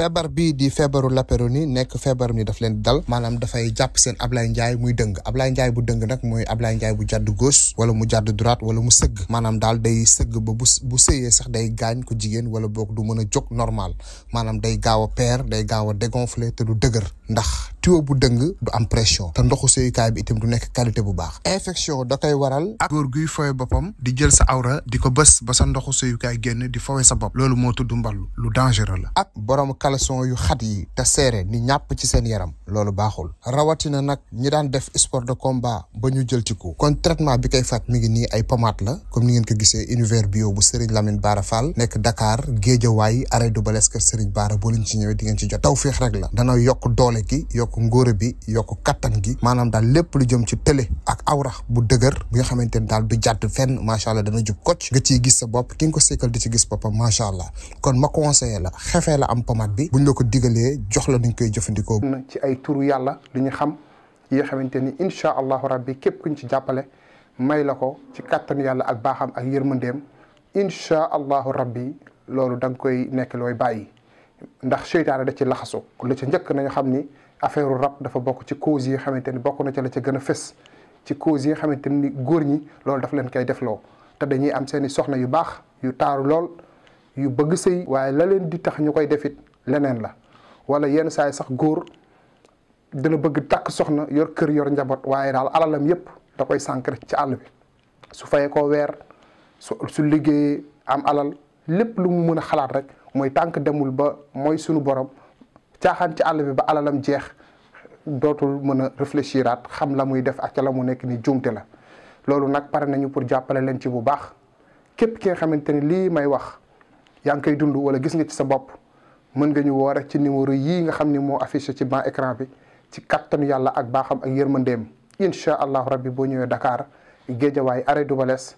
feebar bii di feebaru Laperoni nekk feebar ni daf leen dal maanaam dafay jàpp seen Ablaye Ndiaye muy dëng Ablaye Ndiaye bu dëng nag mooy ab Ablaye Ndiaye bu jàdd gos wala mu jàdd droite wala mu sëgg maanaam daal day sëgg ba bu bu sëyee sax day gaañ ko jigéen wala boog du mën a jóg normal maanaam day gaaw a peer day gaaw a dégonfler te du dëgër ndax tuyo bu dëng du am pression te ndoxu seyukaay bi itam du nekk qualité bu baax infection da koy waral ak góor guy fowe boppam di jël sa awra di ko bës ba sa ndoxu seyukaay génn di fowe sa bopp loolu moo tudd mballu lu dangereux la ak borom caleçon yu xat yi te seere ni ñàpp ci seen yaram loolu baaxul rawatina nag ñi daan def sport de combat ba ñu jël ci ko kon traitement bi koy fat mi ngi nii ay pommade la comme ni ngeen ko gisee univers bio bu Serigne Lamine Bara Fall nekk Dakar Guédiawaye arrêt du Balesque Serigne Bara bo leen ci ñëwee di ngeen ci jot tawfeex rek la dana yokk doole gi yokk yokk ngóore bi yokk kattan gi maanaam daal lépp lu jëm ci télé ak awra bu dëgër bi nga xamante ne daal du jàdd fenn macha allah dana jub kocc nga ciy gis sa bopp ki nga ko sékkal di ci gis boppam macha allah kon ma conseillé la xefee la am pommade bi bu buñ la ko diggalee jox la nuñ koy jëfandikoo. nag ci ay turu yàlla lu ñu xam yi nga xamante ni incha allahu rabbi képp ñu ci jàppale may la ko ci kattan yàlla ak baaxam ak yërmandeem incha allahu rabbi loolu da koy nekk looy bàyyi. ndax seytaane da ci laxasu la ci njëkk nañu xam ni affaire rab dafa bokk ci causes yi xamante ni bokk na ci la ca a fës ci causes yi xamante ni góor ñi loolu daf leen koy defloo te dañuy am seen i soxna yu baax yu taaru lool yu bëgg sëy waaye la leen di tax ñu koy defit leneen la wala yenn saay sax góor dana bëgg takk soxna yor kër yor njaboot waaye daal alalam yépp da koy sànq ci àll bi su fayee ko weer su su liggéeyee am alal lépp lu mu mën a xalaat rek mooy tànk demul ba mooy suñu borom caaxaan ci àll bi ba alalam jeex dootul mën a réfléchiraat xam la muy def ak ca la mu nekk ni juumte la loolu nag pare nañu pour jàppale leen ci bu baax képp ki nga xamante ni lii may wax yaa ngi koy dund wala gis nga ci sa bopp mën nga ñu woo rek ci numéro yii nga xam ni moo affiché ci ban écran bi ci kattanu yàlla ak baaxam ak yërmandeem incha allahu rabbi boo ñëwee Dakar géejawaay arrêt du balees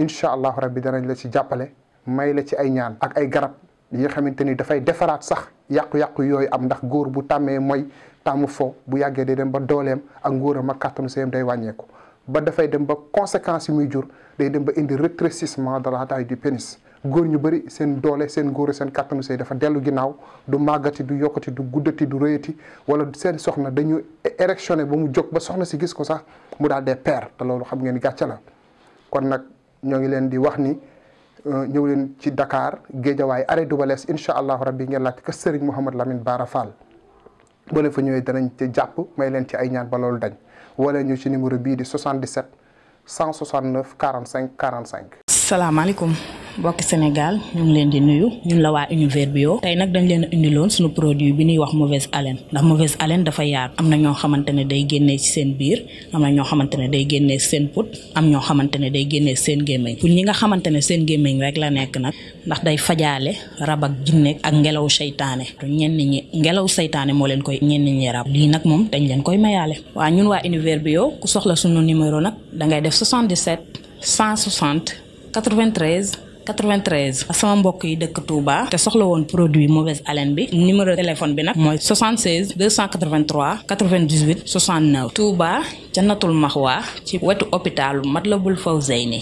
incha allahu rabbi danañ la ci jàppale may la ci ay ñaan ak ay garab li nga xamanteni da fay defarat sax yaq yaq yoy am ndax goor bu tamé moy tamu fo bu yagge de dem ba dolem ak ngóoram ak kàttanu seem day wàññeeku ba fay dem ba conséquence yi muy jur day dem ba indi rétrécissement de la taille du pénis goor ñu bari seen doole seen goor seen kàttanu sey dafa delu ginaaw du magati du yokati du guddati du rëyati wala seen soxna dañu érectionné bu mu jog ba soxna ci gis ko sax mu dal des pères té lolu xam ngeen gatcha la kon nak ñoo ngi di wax ni Euh, ñëw leen ci Dakar Géejawaay arrêt du balees incha allahu rabbi ngeen laajte que Serigne Mouhamed Lamine Bara Fall boo leen fa ñëwee danañ ci jàpp may leen ci ay ñaan ba loolu dañ wala ñu ci numéro bii di 77 169 45 45. salaamaaleykum. mbokki Sénégal ñu ngi leen di nuyu ñun la waa univers bio tey nag dañ leen a indiloon suñu produit bi ñuy wax mauvaise haleine ndax mauvaise haleine dafa yaatu am na ñoo xamante ne day génne ci seen biir am na ñoo xamante ne day génnee seen put am ñoo xamante ne day génnee seen gémmiñ pour ñi nga xamante ne seen gémmiñ rek la nekk nag ndax day fajaale rab ak jinne ak ngelaw seytaane ñenn ñi ngelaw seytaane moo leen koy ñenn ñi rab lii nag moom dañ leen koy mayaale waa ñun waa univers bio ku 93 sama mbokk yi dëkk Touba te soxla woon produit mauvaise haleine bi numéro téléphone bi nag mooy 76 283 98 69 Touba Jannatul Maxwa ci wetu hôpitalu Matlaboul Fawzeyni